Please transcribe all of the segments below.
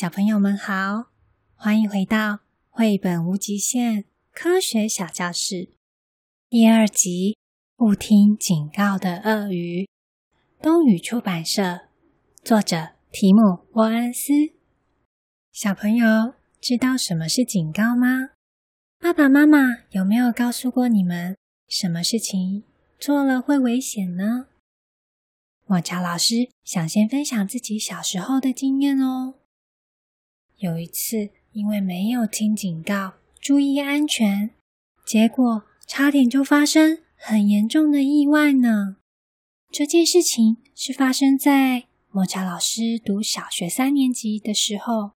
小朋友們好，歡迎回到繪本無極限科學小教室第二集。不聽警告的鱷魚，東雨出版社，作者：提姆·沃恩斯。小朋友知道什麼是警告嗎？爸爸媽媽有沒有告訴過你們，什麼事情做了會危險呢？抹茶老師想先分享自己小時候的經驗哦。有一次，因為沒有聽警告，注意安全，結果差點就發生很嚴重的意外呢。這件事情是發生在抹茶老師讀小學三年級的時候。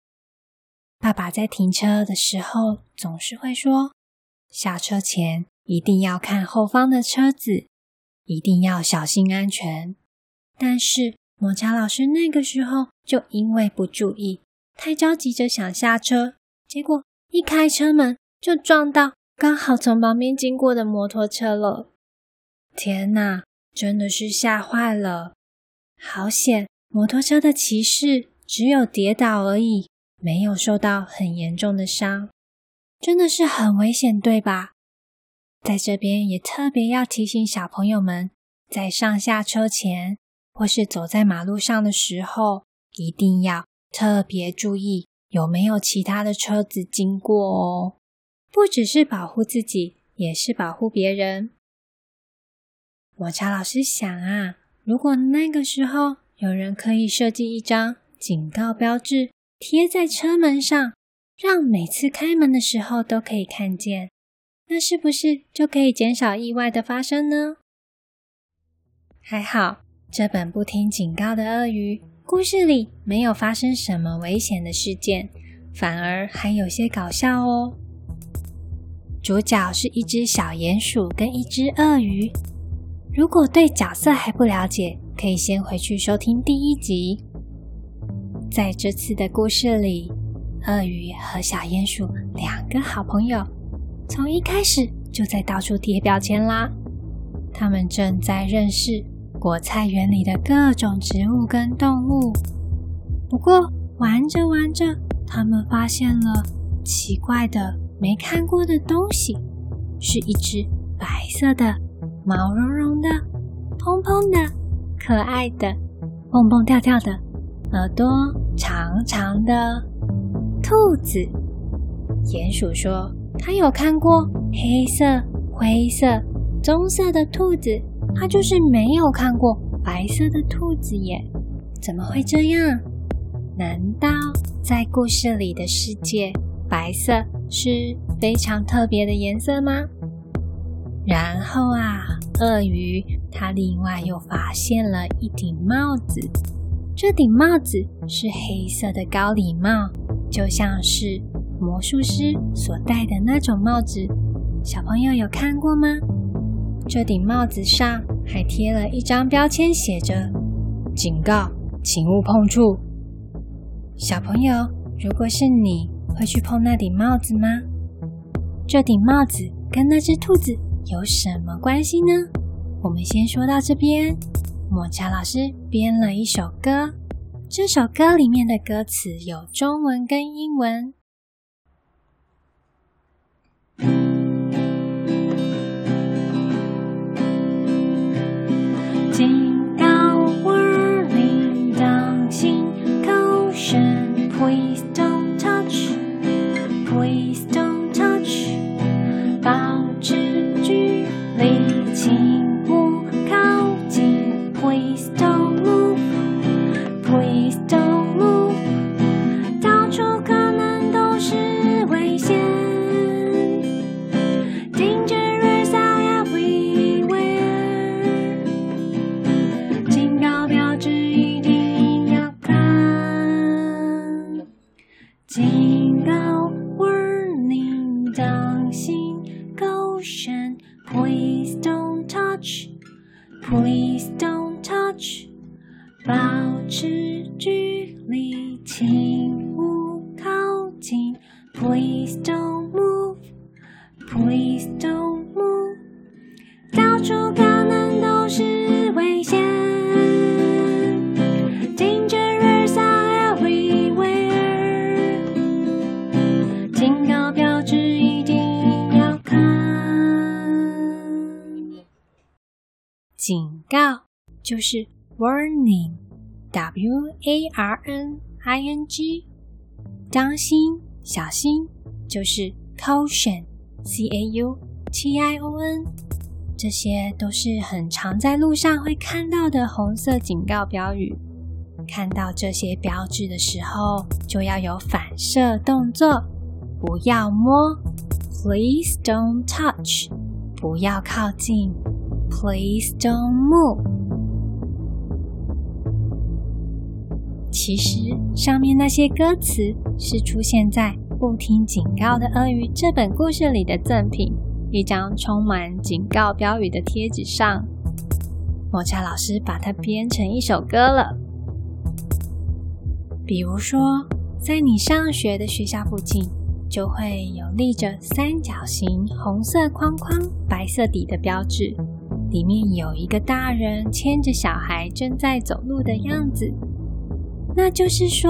爸爸在停車的時候，總是會說：“下車前一定要看後方的車子，一定要小心安全。”但是抹茶老師那個時候就因為不注意。太着急着想下車，結果一開車門就撞到剛好從旁邊經過的摩托車了。天哪，真的是嚇壞了！好險，摩托車的騎士只有跌倒而已，沒有受到很嚴重的傷。真的是很危險，對吧？在這邊也特別要提醒小朋友們，在上下車前或是走在馬路上的時候，一定要。特別注意，有沒有其他的車子經過哦，不只是保護自己，也是保護別人。抹茶老師想啊，如果那個時候有人可以設計一張警告標誌貼在車門上，讓每次開門的時候都可以看見，那是不是就可以減少意外的發生呢？還好，這本不聽警告的鱷魚。故事裡沒有發生什麼危險的事件，反而還有些搞笑哦。主角是一隻小鼴鼠跟一隻鱷魚。如果對角色還不了解，可以先回去收聽第一集。在這次的故事裡，鱷魚和小鼴鼠兩個好朋友，從一開始就在到處貼標籤啦。他們正在認識。果菜園裡的各種植物跟動物。不過玩着玩着，他們發現了奇怪的、沒看過的東西，是一隻白色的、毛茸茸的、蓬蓬的、可愛的、蹦蹦跳跳的、耳朵長長的兔子。鼴鼠說：“他有看過黑色、灰色、棕色的兔子。”他就是沒有看過白色的兔子耶，怎麼會這樣？難道在故事裡的世界，白色是非常特別的顏色嗎？然後啊，鱷魚它另外又發現了一頂帽子，這頂帽子是黑色的高禮帽，就像是魔術師所戴的那種帽子。小朋友有看過嗎？這頂帽子上還貼了一張標籤，寫着“警告，請勿碰觸”。小朋友，如果是你，會去碰那頂帽子嗎？這頂帽子跟那隻兔子有什麼關係呢？我們先說到這邊。抹茶老師編了一首歌，這首歌裡面的歌詞有中文跟英文。告就是 warning，w a r n i n g，當心、小心就是 caution，c a u t i o n，這些都是很常在路上會看到的紅色警告標語。看到這些標誌的時候，就要有反射動作，不要摸。Please don't touch，不要靠近。Please don't move，其實，上面那些歌詞是出現在《不聽警告的鱷魚》這本故事裡的贈品——一張充滿警告標語的貼紙上。抹茶老師把它編成一首歌了。比如說，在你上學的學校附近，就會有立着三角形、紅色框框、白色底的標誌。裡面有一個大人牽着小孩正在走路的樣子，那就是說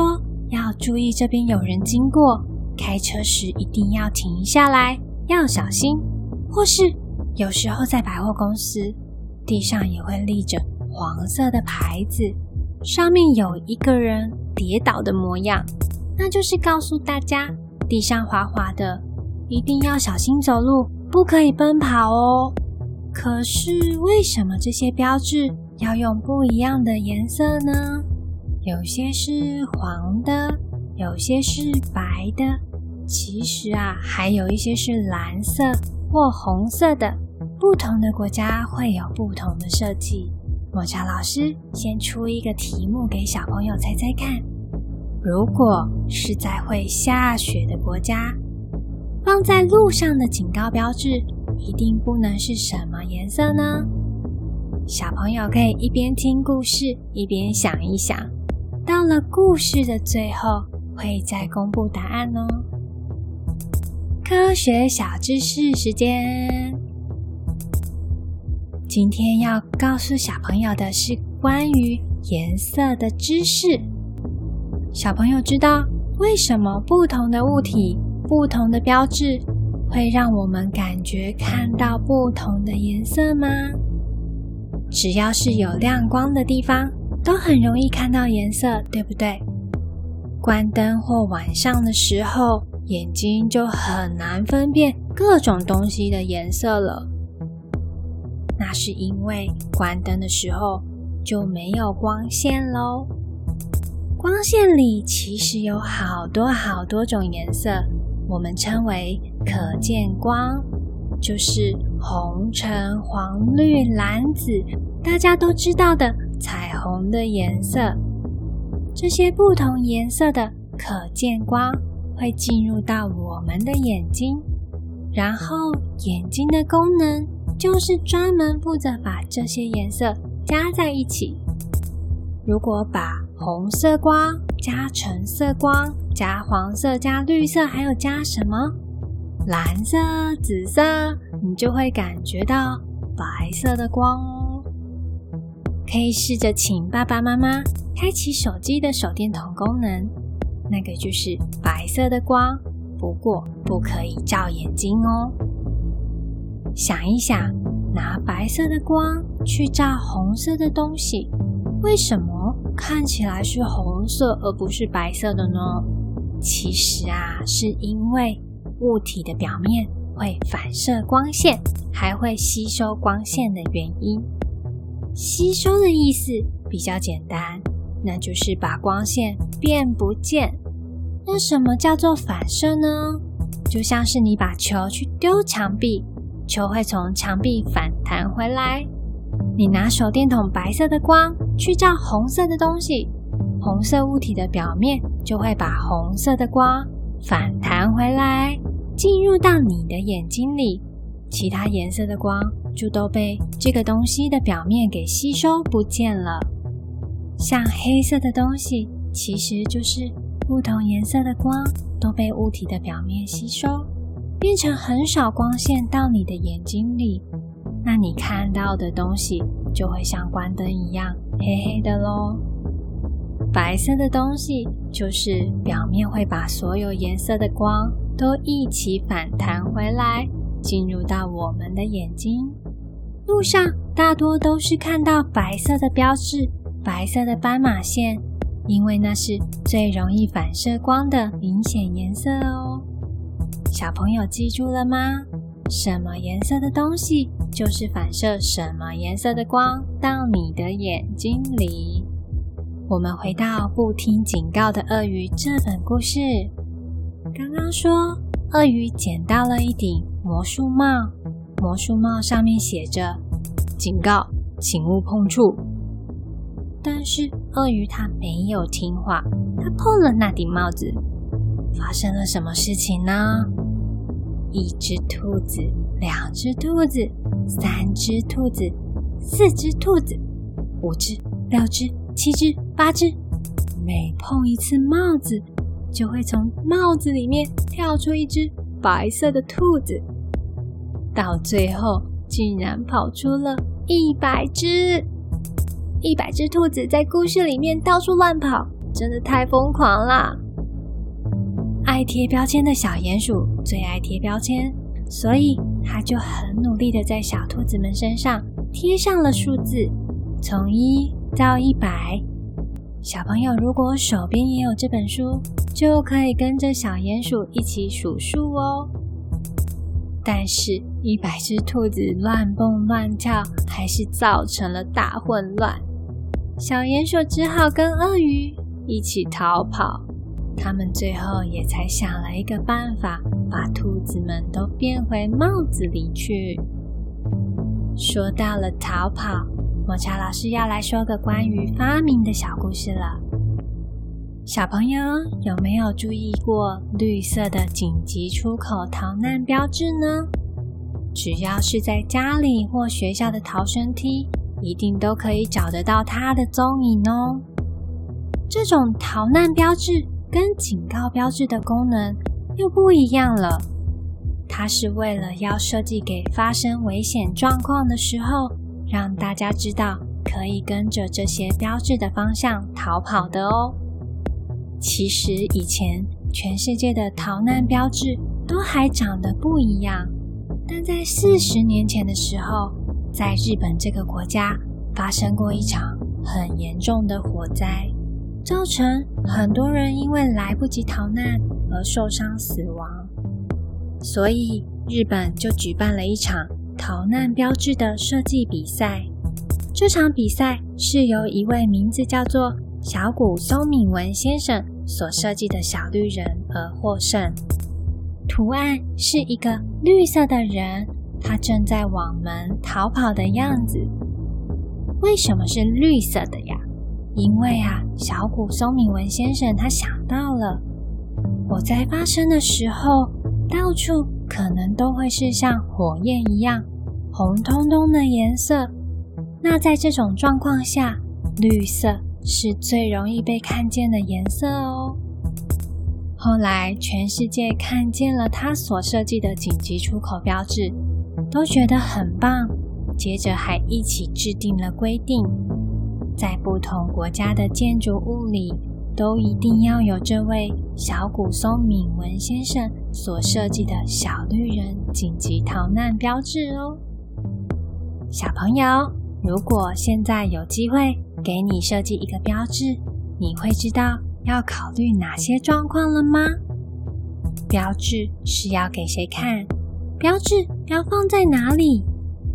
要注意這邊有人經過，開車時一定要停下來，要小心。或是有時候在百貨公司，地上也會立着黃色的牌子，上面有一個人跌倒的模樣，那就是告訴大家地上滑滑的，一定要小心走路，不可以奔跑哦。可是為什麼這些標誌要用不一樣的顏色呢？有些是黃的，有些是白的，其實啊，還有一些是藍色或紅色的。不同的國家會有不同的設計。莫喬老師先出一個題目給小朋友猜猜看：如果是在會下雪的國家，放在路上的警告標誌。一定不能是什麼顏色呢？小朋友可以一邊聽故事一邊想一想，到了故事的最後會再公布答案哦。科學小知識時間，今天要告訴小朋友的是關於顏色的知識。小朋友知道為什麼不同的物體，不同的標誌，會讓我們感覺看到不同的顏色嗎？只要是有亮光的地方，都很容易看到顏色，對不對？關燈或晚上的時候，眼睛就很難分辨各種東西的顏色了。那是因為關燈的時候就沒有光線嘍。光線裡其實有好多好多種顏色，我們稱為。可見光就是紅、橙、黃、綠、藍、紫，大家都知道的彩虹的顏色。這些不同顏色的可見光會進入到我們的眼睛，然後眼睛的功能就是專門負責把這些顏色加在一起。如果把紅色光加橙色光加黃色加綠色，還有加什麼？藍色、紫色，你就會感覺到白色的光哦。可以試着請爸爸媽媽開啟手機的手電筒功能，那個就是白色的光，不過不可以照眼睛哦。想一想，拿白色的光去照紅色的東西，為什麼看起來是紅色而不是白色的呢？其實啊，是因為。物體的表面會反射光線，還會吸收光線的原因。吸收的意思比較簡單，那就是把光線變不見。那什麼叫做反射呢？就像是你把球去丟牆壁，球會從牆壁反彈回來。你拿手電筒白色的光去照紅色的東西，紅色物體的表面就會把紅色的光反彈回來。進入到你的眼睛裡，其他顏色的光就都被這個東西的表面給吸收不見了。像黑色的東西，其實就是不同顏色的光都被物體的表面吸收，變成很少光線到你的眼睛裡，那你看到的東西就會像關燈一樣黑黑的咯。白色的東西就是表面會把所有顏色的光都一起反彈回來，進入到我們的眼睛。路上大多都是看到白色的標誌、白色的斑馬線，因為那是最容易反射光的明顯顏色哦。小朋友記住了嗎？什麼顏色的東西就是反射什麼顏色的光到你的眼睛裡。我們回到不聽警告的鱷魚這本故事。剛剛說，鱷魚撿到了一頂魔術帽，魔術帽上面寫着“警告，請勿碰觸”。但是鱷魚它沒有聽話，它碰了那頂帽子，發生了什麼事情呢？一隻兔子，兩隻兔子，三隻兔子，四隻兔子，五隻，六隻，七隻，八隻，每碰一次帽子，就會從帽子裡面跳出一只白色的兔子，到最後竟然跑出了一百只！一百只兔子在故事裡面到處亂跑，真的太瘋狂了。愛貼標籤的小鼹鼠最愛貼標籤，所以他就很努力地在小兔子們身上貼上了數字，從一到一百。小朋友，如果手邊也有這本書，就可以跟着小鼴鼠一起數數哦。但是，一百只兔子亂蹦亂跳，還是造成了大混亂。小鼴鼠只好跟鱷魚一起逃跑。他們最後也才想了一個辦法，把兔子們都變回帽子裡去。說到了逃跑。抹茶老師要來說個關於發明的小故事了。小朋友有沒有注意過綠色的緊急出口逃難標誌呢？只要是在家裡或學校的逃生梯，一定都可以找得到它的蹤影哦。這種逃難標誌跟警告標誌的功能又不一樣了，它是為了要設計給發生危險狀況的時候。讓大家知道可以跟着這些標誌的方向逃跑的哦。其實以前全世界的逃難標誌都還長得不一樣，但在四十年前的時候，在日本這個國家發生過一場很嚴重的火災，造成很多人因為來不及逃難而受傷死亡，所以日本就舉辦了一場。逃難標誌的設計比賽，這場比賽是由一位名字叫做小谷松敏文先生所設計的小綠人而獲勝。圖案是一個綠色的人，他正在往門逃跑的樣子。為什麼是綠色的呀？因為啊，小谷松敏文先生他想到了，火災發生的時候，到處可能都會是像火焰一樣。紅彤彤的顏色，那在這種狀況下，綠色是最容易被看見的顏色哦。後來，全世界看見了他所設計的緊急出口標誌，都覺得很棒。接着，還一起制定了規定，在不同國家的建築物裡，都一定要有這位小古松敏文先生所設計的小綠人緊急逃難標誌哦。小朋友，如果現在有機會給你設計一個標誌，你會知道要考慮哪些狀況了嗎？標誌是要給誰看？標誌要放在哪裡？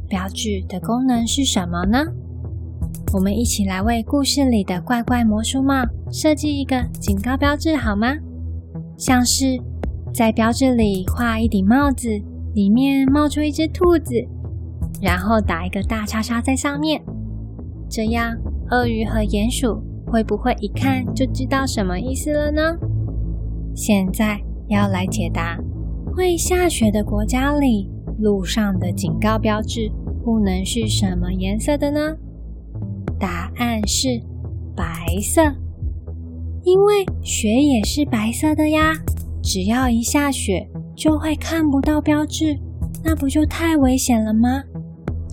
標誌的功能是什麼呢？我們一起來為故事裡的怪怪魔術帽設計一個警告標誌好嗎？像是在標誌裡畫一頂帽子，裡面冒出一隻兔子。然後打一個大叉叉在上面，這樣鱷魚和鼴鼠會不會一看就知道什麼意思了呢？現在要來解答：會下雪的國家裡，路上的警告標誌不能是什麼顏色的呢？答案是白色，因為雪也是白色的呀。只要一下雪，就會看不到標誌，那不就太危險了嗎？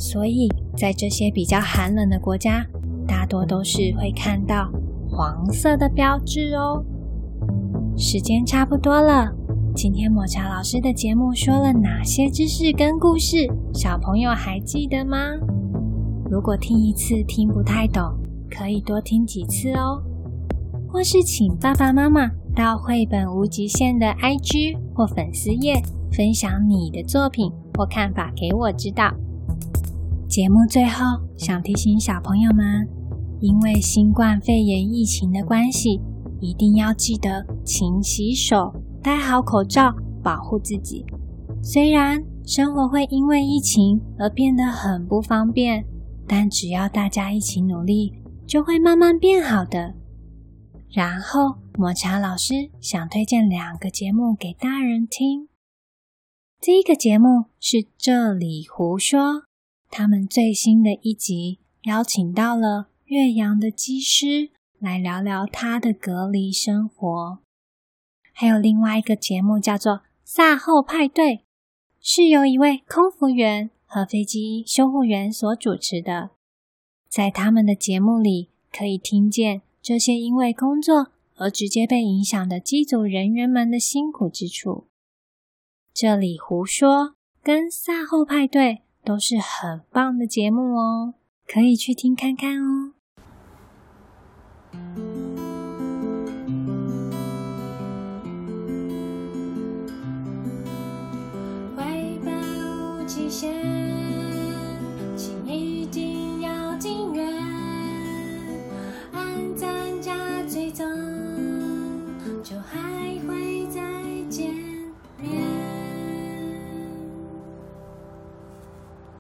所以在這些比較寒冷的國家，大多都是會看到黃色的標誌哦。時間差不多了，今天抹茶老師的節目說了哪些知識跟故事，小朋友還記得嗎？如果聽一次聽不太懂，可以多聽幾次哦。或是請爸爸媽媽到繪本無極限的 IG 或粉絲頁，分享你的作品或看法給我知道。節目最後想提醒小朋友們，因為新冠肺炎疫情的關係，一定要記得勤洗手、戴好口罩，保護自己。雖然生活會因為疫情而變得很不方便，但只要大家一起努力，就會慢慢變好的。然後抹茶老師想推薦兩個節目給大人聽。第、這、一個節目是《這裡胡說》。他們最新的一集邀請到了岳陽的機師來聊聊他的隔離生活。還有另外一個節目叫做《卅後派對》，是由一位空服員和飛機修護員所主持的。在他們的節目裡，可以聽見這些因為工作而直接被影響的機組人員們的辛苦之處。這裡胡說，跟卅後派對。都是很棒的節目哦，可以去聽看看哦。